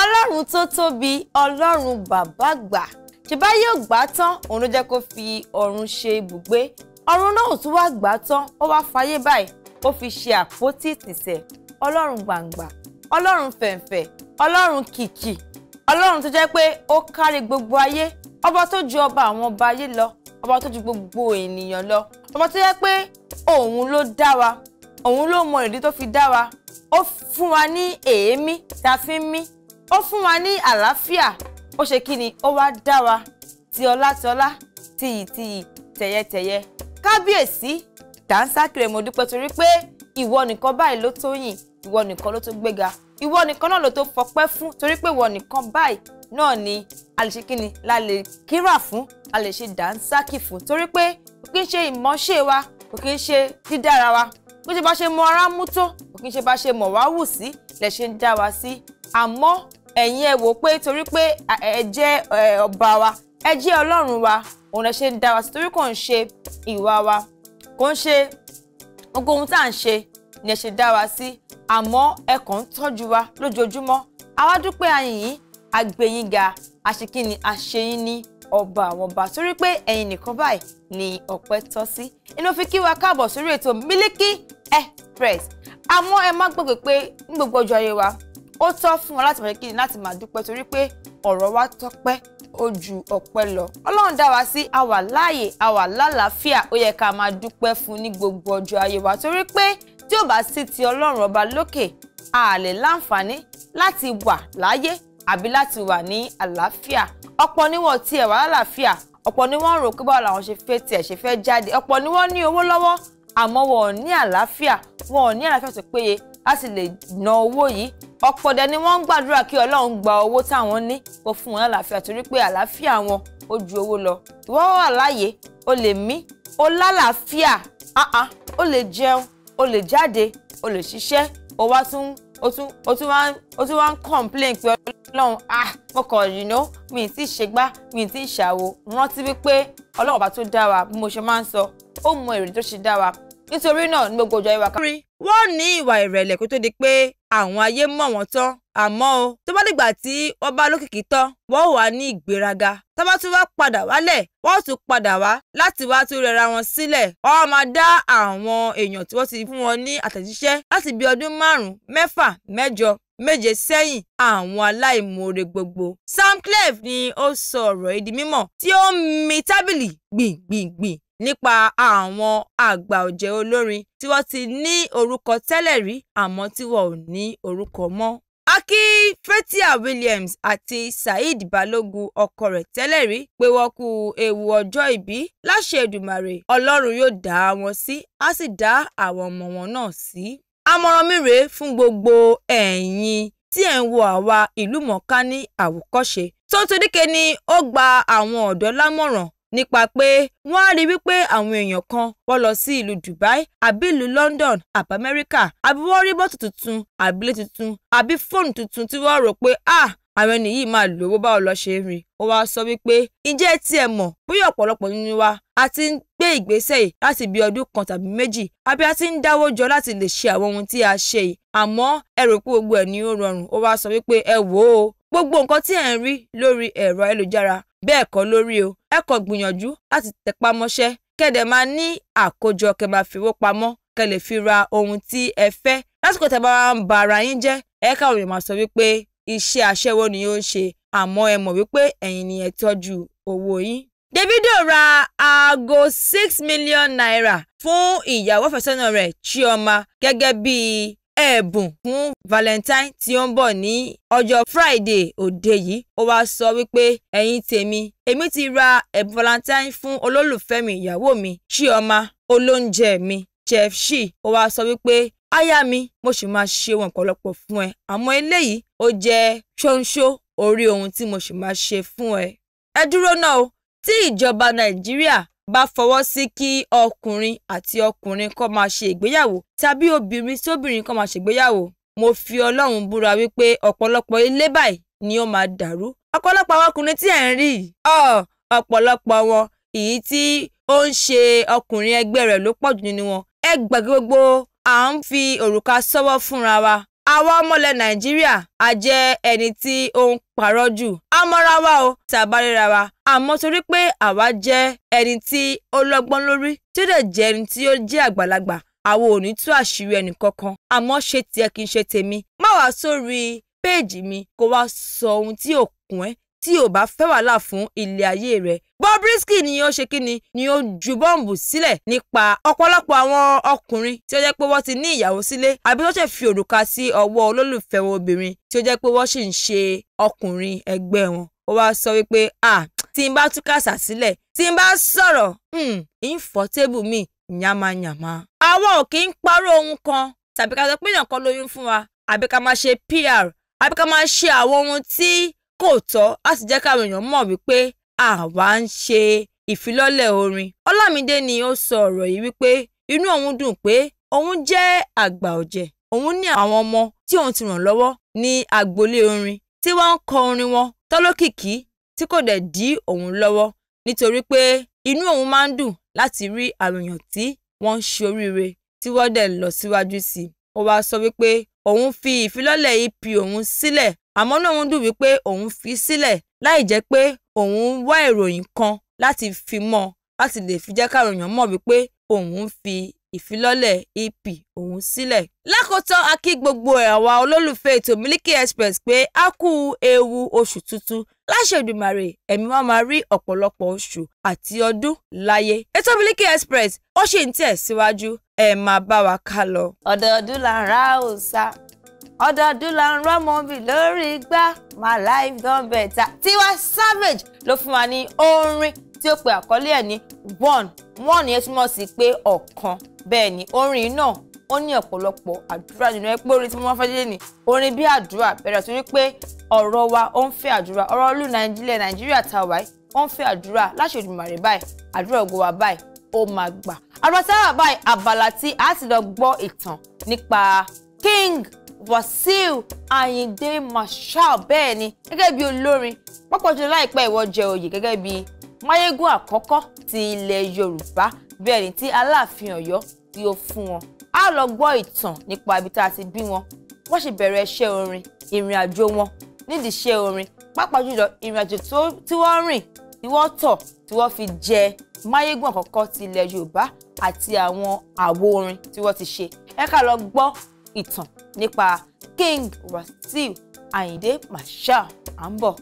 ọlọ́run tó tóbi ọlọ́run bàbá àgbà ṣèbá yóò gbà tán òun ló jẹ́ kó fi ọ̀run ṣe ibùgbé ọ̀run náà ò tún wá gbà tán ó wá fayé báyìí ó fi ṣe àpótí ìtìsẹ̀ ọlọ́run gbàǹgbà ọlọ́run fẹ̀ǹfẹ̀ ọlọ́run kìkì ọlọ́run tó jẹ́ pé ó kárí gbogbo ayé ọba tó ju ọba àwọn ọba ayé lọ ọba tó ju gbogbo ènìyàn lọ ọba tó jẹ́ pé òun ló dá wa òun ló mọ ìdí tó fi dá wa ó fún wa ní èémí tá a fi ń mí ó fún wa ní àlàáfíà ó ṣe kí ni ó wá dá wa ti ọlá ti ọlá tiyì tiyì tẹ̀yẹtẹ̀yẹ kábíyèsí dánsákìrẹ̀ mo dúpẹ́ torí pé ìwọ nìkan báyìí ló tó yìn ìwọ nìkan ló tó gbéga ìwọ nìkan náà ló tó fọpẹ́ fún torí pé ìwọ nìkan báyìí náà ni a lè ṣe kí ni la lè kíra fún a lè ṣe dánsákì fún torí pé kò kí ń ṣe ìmọ̀ṣe wa kò kí ń ṣe dídára wa bó ṣe bá ṣe mọ ara mú tó kò kí ń ṣe bá ṣe mọ̀ wá wù sí lẹ̀ ṣe ń dá wa sí àmọ́ ẹ̀yin ẹ wò pé torí pé ẹ jẹ́ ọba wa ẹ jẹ́ ọlọ́run wa òun ẹ ṣe ń dá wa sí torí kò ń ṣe ìwà wa kò ń ṣe gbogbo ohun tá à ń ṣe ni ẹ ṣe dá wa sí àmọ́ ẹ kàn ń tọ́jú wa lójoojúmọ́ àwa dúpẹ́ ayìnyín àgbẹ̀yìnga àṣekínni àṣeyín ní ọba àwọn ọba torí pé ẹ̀yin nìkan báyìí ni ọpẹ́ tọ́ sí inú fi kí wa káàbọ̀ sórí ètò Miliki Express àmọ́ ẹ má gbàgbé pé ní gbogbo ọjọ́ ayé wa ó tọ́ fún wọn láti máa kí ni láti máa dúpẹ́ torí pé ọ̀rọ̀ wa tọ́pẹ́ ó ju ọpẹ́ lọ Ọlọ́run dá wa sí àwa láàyè àwa lálàáfíà ó yẹ ká máa dúpẹ́ fún ní gbogbo ọjọ́ ayé wa torí pé tí ò bá sí ti Ọlọ́run ọba lókè a lè láǹfààní láti wà láyé àbí láti wà ní àlàáfíà ọ̀pọ̀ ni wọn tiẹ̀ wà lálàáfíà ọ̀pọ̀ ni wọ́n ń rò pé báwo làwọn ṣe fẹ́ tiẹ̀ ṣe fẹ́ jáde ọ̀pọ̀ ni wọ́n ní owó lọ́wọ́ àmọ́ wọn ò ní àlàáfíà wọn ò ní àlàáfíà tó péye láti lè ná owó yìí ọ̀pọ̀ dẹ̀ ni wọ́n ń gbàdúrà kí ọlọ́run gba owó táwọn ní kó fún wọn lálàáfíà torí pé àlàáfíà wọn ó ju owó lọ ìwọ wà láàyè o lè mí o lálàáfíà o lè jẹun o lè jáde o lè ṣiṣẹ́ o wá tún o tún o tún wá o tún wá ń complain pé ọlọ́run ah mo kàn you know mi ti ṣègbà mi ti ṣàwo rántí wípé ọlọ́run ọba tó dá wa bí mo ṣe máa ń sọ ó mọ èrè tó ṣe dá wa nítorí náà ní gbogbo ọjọ́ ìwà kan. wọ́n ní ìwà ìrẹ̀lẹ̀ kó tó di pé àwọn ayé mọ̀ wọ́n tán àmọ́ o tó bá dìgbà tí wọ́n bá lókìkí tán wọ́n wà ní ìgbéraga tó bá tún wá padà wálẹ̀ wọ́n tún padà wá láti wá tún rẹra wọn sílẹ̀ wọ́n máa dá àwọn èèyàn tí wọ́n ti fún wọn ní àtẹ̀jíṣẹ́ láti bí ọdún márùn-ún mẹ́fà mẹ́jọ méje sẹ́yìn àwọn aláìmoore gbogbo. Sam Clef ni ó sọ ọ̀rọ̀ yìí di mímọ̀ tí ó ń mì tábìlì gbìngbìngbìn nípa àwọn àgbà ọ̀jẹ̀ olórin tí wọ́n ti ní orúkọ tẹ́lẹ̀ rí àmọ́ tí wọn ò ní orúkọ mọ́. Aki Fathia Williams àti Saheed Balogun ọkọ rẹ̀ tẹ́lẹ̀ rí pé wọ́n kú ewu ọjọ́ ìbí láṣẹ Èdùmàrè Ọlọ́run yóò dá wọn sí á sì dá àwọn ọmọ wọn náà sí. Àmọ̀ràn mi rèé fún gbogbo ẹ̀yin tí ẹ̀ ń wo àwa ìlú mọ̀ọ́ká ní àwòkọ́ṣe. Tonto Dike ni ó gba àwọn ọ̀dọ́ lámọ̀ràn nípa pé wọ́n á rí wípé àwọn èèyàn kan wọ́n lọ sí ìlú Dubai àbí ìlú London àbí Amẹ́ríkà àbí wọ́n rí mọ́tò tuntun àbí ilé tuntun àbí fóònù tuntun tí wọ́n rò pé ah àwọn ẹni yìí máa lówó báwo lọ ṣe ń rìn ó wáá sọ wípé ǹjẹ́ tiẹ̀ mọ̀ bóyá ọ̀pọ̀lọpọ̀ nínú wa a ti ń gbé ìgbésẹ̀ yìí láti bí ọdún kan tàbí méjì àbí a ti ń dáwó jọ láti lè ṣe àwọn ohun tí a ṣe yìí àmọ́ ẹ pé gbogbo ẹ̀ ni ó rọrùn ó wáá sọ wípé ẹ wò ó gbogbo nǹkan tí ẹ̀ ń rí lórí ẹ̀rọ ayélujára bẹ́ẹ̀ kọ́ lórí o ẹ kàn gbìyànjú láti tẹpá mọ́ṣẹ́ kẹ́dẹ̀ máa ní àkójọ kẹ́ máa fi owó pamọ́ kẹ́ lè fi ra ohun tí ẹ fẹ́ lásìkò tẹ́ bá ń ba ara yín jẹ́ ẹ káwọn èèyàn máa sọ wípé iṣẹ́ aṣẹ́wó ni ó ń ṣe àmọ́ ẹ mọ̀ wípé ẹ̀yin ni ẹ tọ́jú owó yín. Davido ra aago six million naira fún ìyàwó àfẹ́sọ́nà rẹ̀ Chioma gẹ́gẹ́ bíi ẹ̀bùn fún valentine tí ó ń bọ̀ ní ọjọ́ friday òde yìí ó wáá sọ wípé ẹ̀yin tèmi èmi ti ra ẹ̀bùn valentine fún olólùfẹ́ mi ìyàwó mi chioma olóúnjẹ mi chef shi ó wáá sọ wípé aya mi mo sì máa ṣe ohun ọ̀pọ̀lọpọ̀ fún ẹ àmọ́ eléyìí ó jẹ́ ṣóńṣó orí ohun tí mo sì máa ṣe fún ẹ. ẹ dúró náà o tí ìjọba nàìjíríà bá fọwọ́ sí kí ọkùnrin àti ọkùnrin kó máa ṣe ìgbéyàwó tàbí obìnrin sí obìnrin kó máa ṣègbéyàwó mo fi ọlọ́run búra wípé ọ̀pọ̀lọpọ̀ ilé báyìí ni ó máa dàrú ọ̀pọ̀lọpọ̀ àwọn ọkùnrin tí ẹ̀ ń rí ọ̀pọ̀lọpọ̀ wọn èyí tí ó ń ṣe ọkùnrin ẹgbẹ́ rẹ̀ ló pọ̀jù nínú wọn ẹ gbàgbé gbogbo à ń fi òrùka sọ́wọ́ fúnra wa àwa ọmọlẹ̀ nàìjíríà a jẹ́ ẹni tí ó ń parọ́ jù a mọ́ra wa o tá a bá ríra wa àmọ́ torí pé àwa jẹ́ ẹni tí ó lọ́gbọ́n lórí tí ó dẹ̀ jẹ́ ẹni tí ó jẹ́ àgbàlagbà àwa ò ní tú àṣírí ẹnì kankan àmọ́ ṣe tiẹ̀ kì í ṣe tèmi má wàá sórí péèjì mi kó wá sọ ohun tí ò kún ẹ́ tí ò bá fẹ́ wàhálà fún ilé ayé rẹ̀. Bobrisky ni ó ṣe kíni ni ó ju bọ́ǹbù sílẹ̀ nípa ọ̀pọ̀lọpọ̀ àwọn ọkùnrin tí ó jẹ́ pé wọ́n ti ní ìyàwó sílé àbí wọ́n ṣe fi òrùka sí ọwọ́ olólùfẹ́ wọn obìnrin tí ó jẹ́ pé wọ́n sì ń ṣe ọkùnrin ẹgbẹ́ wọn. Ó wá sọ wípé à tí n bá túkàsà sílẹ̀ tí n bá sọ̀rọ̀ ìfọ̀tébù hmm, mi yàmàyàmà. Àwọn ò kí ń parọ́ ohun kan tàbí ká sọ pé èèyàn kan lóyún fún wa àbí ká máa ṣe PR àbí ká máa ṣe àwọn ohun tí kò tọ́ á sì jẹ́ káwọn èèyàn mọ̀ wípé àwa ń ṣe ìfilọ́lẹ̀ orin. Ọlámídé ni ó sọ ọ̀rọ̀ yìí wípé inú òun dùn pé òun jẹ́ àgbà ọ̀jẹ̀ òun ní àwọn ọmọ tí òun ti ràn lọ́wọ́ ní agboolé orin tí wọ́n ń kọ orin wọn tọ́lọ́kìkí tí kò dẹ̀ dí òun lọ́wọ́ nítorí pé inú òun máa ń dùn láti rí àwọn èèyàn tí wọ́n ń ṣe oríire tí wọ́n dẹ̀ lọ síwájú sí i. ó wáá sọ wípé òun fi ìfilọ́lẹ̀ EP òun sílẹ̀ àmọ́ náà òun dùn wípé òun fi sílẹ̀ láì jẹ́ pé òun ń wá ìròyìn kan láti fi mọ́ láti lè fi jẹ́ káwọn èèyàn mọ̀ wípé òun fi ìfilọ́lẹ̀ EP òun sílẹ̀. lákòótán a kí gbogbo àwa olólùfẹ́ ètò Miliki Express pé a kú ewu oṣù tuntun láṣẹ Èdùmàrè ẹ̀mí wa máa rí ọ̀pọ̀lọpọ̀ oṣù àti ọdún láyé. ètò Miliki Express ó ṣì ń tẹ̀ síwájú ẹ máa bá wa ká lọ. ọ̀dọ̀ọdún là ń ra òòsà ọ̀dọ̀ Dulan Ramobi lórí igbá my life don better Tiwa Savage ló fún wa ní orin tí ó pe àkọlé ẹ̀ ní one one yẹn túmọ̀ sí pé ọ̀kan bẹ́ẹ̀ ni orin náà ó ní ọ̀pọ̀lọpọ̀ àdúrà nínú ẹ pé orin tí mo máa fẹ́ dé ni orin bí àdúrà bẹ̀rẹ̀ sí wípé ọ̀rọ̀ wa ó ń fẹ́ àdúrà ọ̀rọ̀ olú nàìjíríà nàìjíríà ta wáyé ó ń fẹ́ àdúrà láṣẹ Olódùmarè báyìí àdúrà ògo wa báyìí ó máa gbà àdúrà sábà báyìí abala tí a ti lọ gbọ́ ìtàn nípa King Wàsíù Àyìndé Marshal bẹ́ẹ̀ ni gẹ́gẹ́ bí olórin pápájọ láìpẹ́ ìwọ jẹ oyè gẹ́gẹ́ bí máyégún àkọ́kọ́ ti ilẹ̀ Yorùbá bẹ́ẹ̀ ni tí Aláàfin Ọ̀yọ́ tí ó fún wọn á lọ gbọ́ ìtàn nípa ibi tá a ti bí wọn wọ́n sì bẹ̀rẹ̀ iṣẹ́ orin ìrìn àjò wọn nídìí iṣẹ́ orin pàápàá jùlọ ìrìn àjò tí wọ́n rìn tí wọ́n tọ̀ tí wọ́n fi jẹ máyégún àkọ́kọ́ ti ilẹ̀ Yorùbá àti àwọn àwo orin tí wọ́n ti ṣe ẹ ká lọ gbọ́ ìtàn nípa King Wasiu Ayinde Marshal ambo ń bọ̀.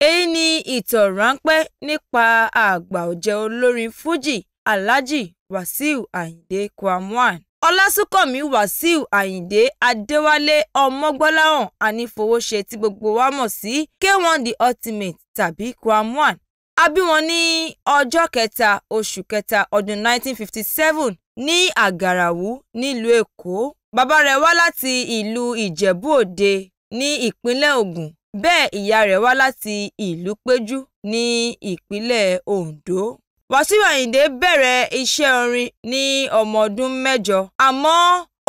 èyí ni ìtàn ráńpẹ́ nípa àgbà ọ̀jẹ̀ olórin Fuji Alhaji Wasiu Ayinde Quadri. Ọlásùnkànmí Wàsíù Àyìndé Adéwálé Ọmọgbọ́láhàn Anífowóṣe tí gbogbo wa mọ̀ sí K1 The Ultimate tàbí Kwamwan. A bí wọn ní ọjọ́ kẹta oṣù kẹta ọdún 1957 ní Àgàràwú nílùú Èkó. Bàbá rẹ̀ wá láti ìlú Ìjẹ̀bú-Òde ní ìpínlẹ̀ Ògùn bẹ́ẹ̀ ìyá rẹ̀ wá láti ìlú Péjú ní ìpínlẹ̀ Oǹdó. Wasiu Ayinde bẹ̀rẹ̀ iṣẹ́ orin ní ọmọ ọdún mẹ́jọ àmọ́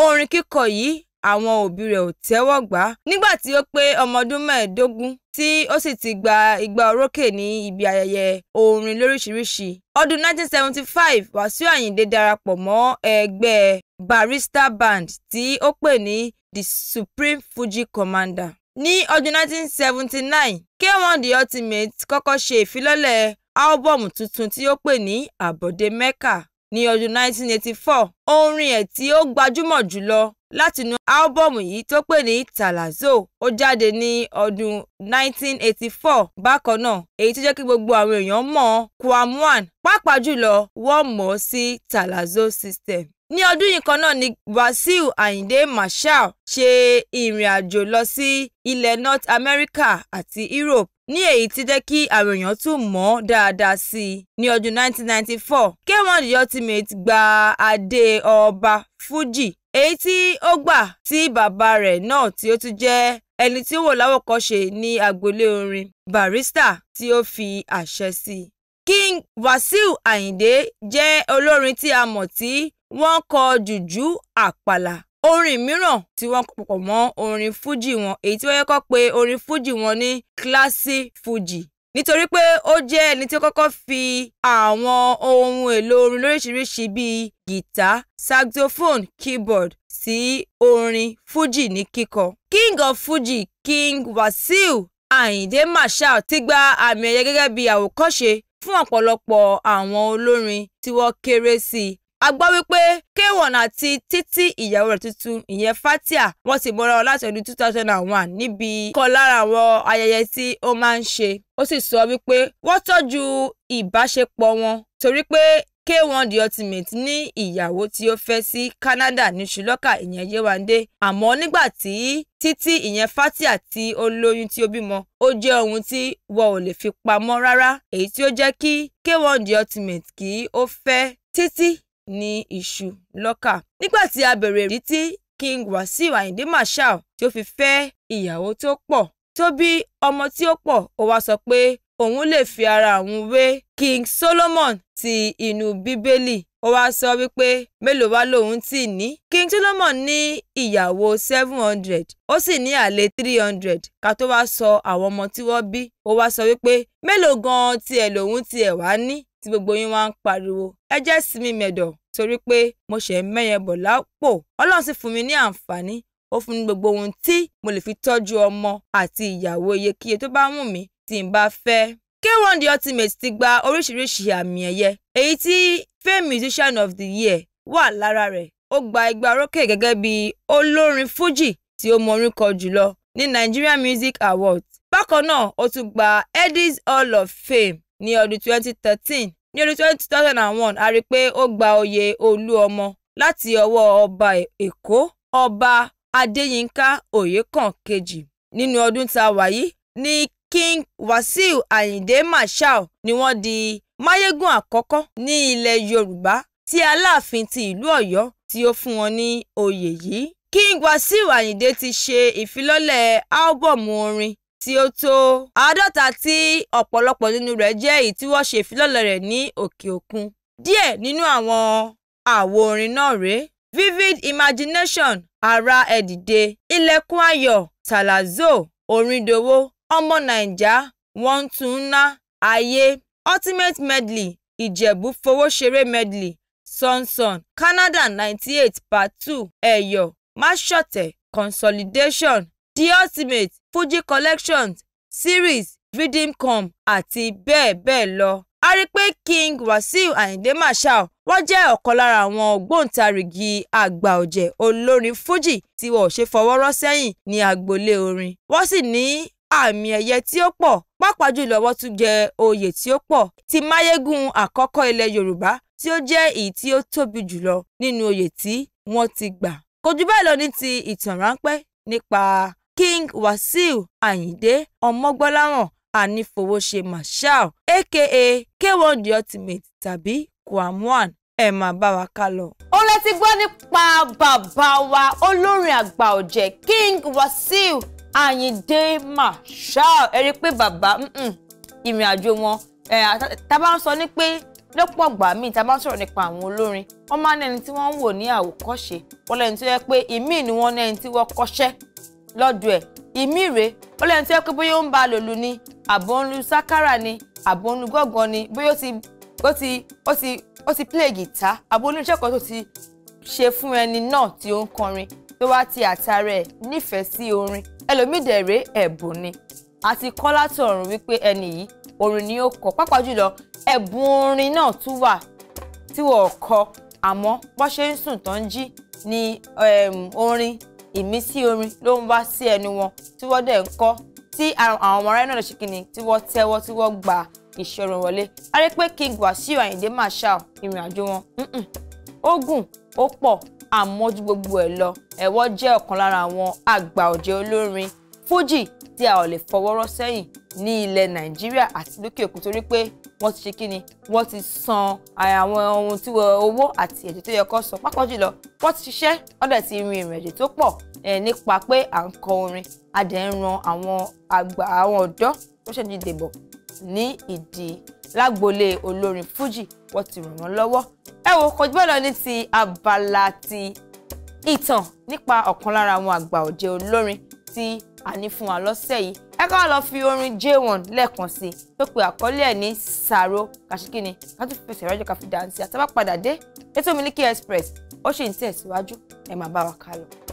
orin kíkọ yìí àwọn òbí rẹ̀ ò tẹ́wọ́ gbà á nígbà tí ó pé ọmọ ọdún mẹ́ẹ̀ẹ́dógún tí ó sì ti gba igba orókè ní ibi ayẹyẹ orin lóríṣiríṣi. Ọdún 1975 Wasiu Ayinde darapọ̀ mọ́ ẹgbẹ́ Barrister Band tí ó pè ní The Supreme Fuji Commander. Ní ọdún 1979, K1 The Ultimate kọ́kọ́ ṣe ìfilọ́lẹ̀ álbọ̀mù tuntun tí ó pè ní Àbọ̀dé Mẹ́kà. Ní ọdún 1984, orin ẹ̀ tí ó gbajúmọ̀ jùlọ látinú álbọ̀mù yìí tó pè ní Tàlàzò ó jáde ní ọdún 1984 bákan náà èyí tó jẹ́ kí gbogbo àwọn èèyàn mọ̀ Kwamwan pàápàá jùlọ wọ́n mọ̀ sí Tàlàzò system ní ọdún yìí kan náà ni Wasiu Ayinde Marshal ṣe ìrìnàjò lọ sí ilẹ̀ North America àti Europe ní èyí tí jẹ́ kí àwọn èèyàn tún mọ̀ dáadáa sí i ní ọdún 1994 K1 Ultimate gba adé ọba Fuji èyí tí ó gbà tí bàbá rẹ̀ náà tí ó tún jẹ́ ẹni tí ó wò láwòkọ́ṣe ní agboolé orin Barrister tí ó fi àṣẹ sí King Wasiu Ayinde jẹ́ olórin tí a mọ̀ tí wọ́n kọ jùjú àpàlà orin mìíràn tí wọ́n kọ pọ̀ mọ́ orin fújì wọn èyí tí wọ́n yẹ kọ́ pé orin Fuji. wọn ní kíláàsì fújì nítorí pé ó jẹ́ ẹni tí ó kọ́kọ́ fi àwọn ohun èlò orin lóríṣiríṣi bíi gìtá saxophone keyboard sí orin Fuji ní kíkọ. king of fuji king wasiu ayinde marshal ti gba àmì ẹ̀yẹ gẹ́gẹ́ bí àwòkọ́ṣe fún ọ̀pọ̀lọpọ̀ àwọn olórin tí wọ́n kéré sí i a gbọ́ wípé k1 àti títí ìyàwó rẹ̀ tuntun ìyẹn fatia wọ́n ti mọ́ra wọn láti ọdún two and one níbi kan lára àwọn ayẹyẹ tí ó máa ń ṣe ó sì sọ wípé wọ́n tọ́jú ìbáṣepọ̀ wọn torí pé k1 the ultimate ní ìyàwó tí ó fẹ́ sí Canada ní ṣùlọ́kà ìyẹn yéwándé àmọ́ nígbà tí títí ìyẹn fatia ti ó lóyún tí ó bímọ ó jẹ́ ohun tí wọn ò lè fi pamọ́ rárá èyí tí ó jẹ́ kí k1 the ultimate kí ó fẹ́ títí ní iṣu lọ́kà. Nígbà tí a bèèrè ìdí tí King Wasiu Ayinde Marshal tí ó fi fẹ́ ìyàwó tó pọ̀ tó bí ọmọ tí ó pọ̀, ó wá sọ pé òun lè fi ara òun wé King Solomon ti inú Bíbélì. Ó wá sọ wípé mélòó wá lòun ti ní. King Solomon ní ìyàwó seven hundred ó sì ní àlè three hundred ká tó wá sọ àwọn ọmọ tí wọ́n bí. Ó wá sọ wípé mélòó gan-an tiẹ̀ lòun tiẹ̀ wá ní tí gbogbo yín wá ń pariwo ẹ jẹ́ sinmi mẹ̀dọ̀ torí pé mo ṣe ń mẹ́yẹ bọ̀ lápò ọlọ́run sì fún mi ní àǹfààní ó fún mi gbogbo ohun tí mo lè fi tọ́jú ọmọ àti ìyàwó iyekíye tó bá wù mí tí n bá fẹ́. K1 The Ultimate ti gba oríṣiríṣi àmì ẹ̀yẹ èyí tí Fame Musician of the Year wà lára rẹ̀ ó gba igba orókè gẹ́gẹ́ bí olórin Fuji tí ó mọ orin kọ jùlọ ní Nigerian Music Awards bákan náà ó tún gba Eddie's Hall of Fame ní ọdún 2013. ní ọdún 2001 a rí i pé ó gba oyè olú ọmọ láti ọwọ́ ọba Èkó ọba Adéyínká Oyèkán kejì. nínú ọdún tá a wà yìí ní King Wasiu Ayinde Marshal ni wọ́n di máyégún àkọ́kọ́ ní ilẹ̀ Yorùbá tí Aláàfin ti ìlú Ọ̀yọ́ tí ó fún wọn ní oyè yìí. King Wasiu Ayinde ti ṣe ìfilọ́lẹ̀ álbọ̀mù orin tí ó tó àádọ́ta tí ọ̀pọ̀lọpọ̀ nínú rẹ̀ jẹ́ èyí tí wọ́n ṣe ìfilọ́lẹ̀ rẹ̀ ní òkè òkun. díẹ̀ nínú àwọn àwo orin náà rèé vivid imagination ara ẹ̀dìde ilẹ̀kùn ayọ̀ tàlàzò orindowo ọmọ naija wọ́n tún ná ayé ultimate medley ìjẹ̀bú fowó ṣeré medley sonson canada ninety eight part two ẹ̀yọ̀ máṣọ̀tẹ̀ consolidation the ultimate fuji collections series rhythmcom àti bẹ́ẹ̀ bẹ́ẹ̀ lọ. a rí i pé king wasiu ayinde marshal wọ́n jẹ́ ọ̀kan lára àwọn ògbóǹtarìgì àgbà ọ̀jẹ̀ olórin fuji tí wọn ò ṣe fọwọ́ rọ́ sẹ́yìn ní agboolé orin. wọ́n sì ní àmì ẹ̀yẹ tí ó pọ̀ pàápàá jùlọ wọ́n tún jẹ oyè tí ó pọ̀ ti máyégún àkọ́kọ́ ilẹ̀ yorùbá tí ó jẹ́ èyí tí ó tóbi jùlọ nínú oyè tí wọ́n ti gbà. kò jù bẹ́ẹ̀ lọ ní ti ìtàn ráńpẹ́ nípa King Wasiu Ayinde Ọmọgbọ́láhàn Anifowose Marshal aka K1 The Ultimate tàbí Kwam1 ẹ máa bá wa ká lọ. ó lè gbọ́ nípa bàbá wa olórin àgbà ọ̀jẹ̀ King Wasiu Ayinde Marshal ẹ rí i pé bàbá ìrìn àjò wọn tá a bá ń sọ ní pé lọ́pọ̀ ọgbà míì tá a bá ń sọ̀rọ̀ nípa àwọn olórin wọ́n máa ń ní ẹni tí wọ́n ń wò ní àwòkọ́ṣe wọ́n lẹ́ni tó yẹ pé ìmíì ni wọ́n ní ẹni tí wọ́n kọ́ṣẹ́ lọ́dọ̀ ẹ̀ ìmí rèé ó lẹ́nu tí wọ́n pé bóyá ó ń ba lòlù ni àbò ń lu sákàrà ni àbò ń lu gángan ni bóyá ó ti ó ti ó ti ó ti play gìtá àbò oníṣẹ́ tó ti ṣe fún ẹni náà tí ó ń kọrin tó wá ti àtàrà nífẹ̀ẹ́ sí orin ẹlòmídẹ̀ẹ́rẹ́ ẹ̀bùn ni àti kọ́ látọ̀run wípé ẹni yìí orin ni ó kọ pàápàá jùlọ ẹ̀bùn orin náà tún wà tí wọ́n kọ àmọ́ bó ṣe ń sùn tán jí ni orin ìmísí orin ló ń wá sí ẹnu wọn tí wọ́n dẹ̀ ń kọ́ tí àwọn ọmọ ará náà ṣe kìíní tí wọ́n tẹ́wọ́ tí wọ́n gba ìṣòro wọlé a rí pé King Wasiu Ayinde Marshal ìrìn àjò wọn ó gùn ó pọ̀ àmọ́ ju gbogbo ẹ̀ lọ ẹ̀wọ́ jẹ́ ọ̀kan lára àwọn àgbà ọ̀jẹ̀ olórin fújì tí a ò lè fọwọ́rọ́ sẹ́yìn ní ilẹ̀ nàìjíríà àti lókè òkun torí pé wọ́n ti ṣe kí ni wọ́n ti san àwọn ohun tí owó àti ẹ̀jẹ̀ tó yẹ kó san pápá jùlọ wọ́n ti ṣiṣẹ́ ọ̀dọ̀ ti rin ìrìn ẹ̀jẹ̀ tó pọ̀ eh, nípa pé à ń kọ orin a dẹ̀ ń ran àwọn àgbà àwọn ọ̀dọ́ tó ṣẹ̀ ní ìdìbò ní ìdí lágbolé olórin fuji wọ́n ti ràn wọ́n lọ́wọ́ ẹ wo kò gbọ́dọ̀ ní ti abala ti ìtàn nípa ọ̀kan lára àwọn àgbà òde olórin tí àní fún wa lọ́sẹ̀ yìí ẹ ká lọ fi orin j1 lẹ́ẹ̀kan sí i tó pe àkọlé ẹ̀ ní sàrò kàṣíkìnì ká tún fẹsẹ̀ rájọ ká fi dànsí àtàbà padà dé ètò Miliki Express ó ṣì ń tẹ̀síwájú ẹ máa bá wa ká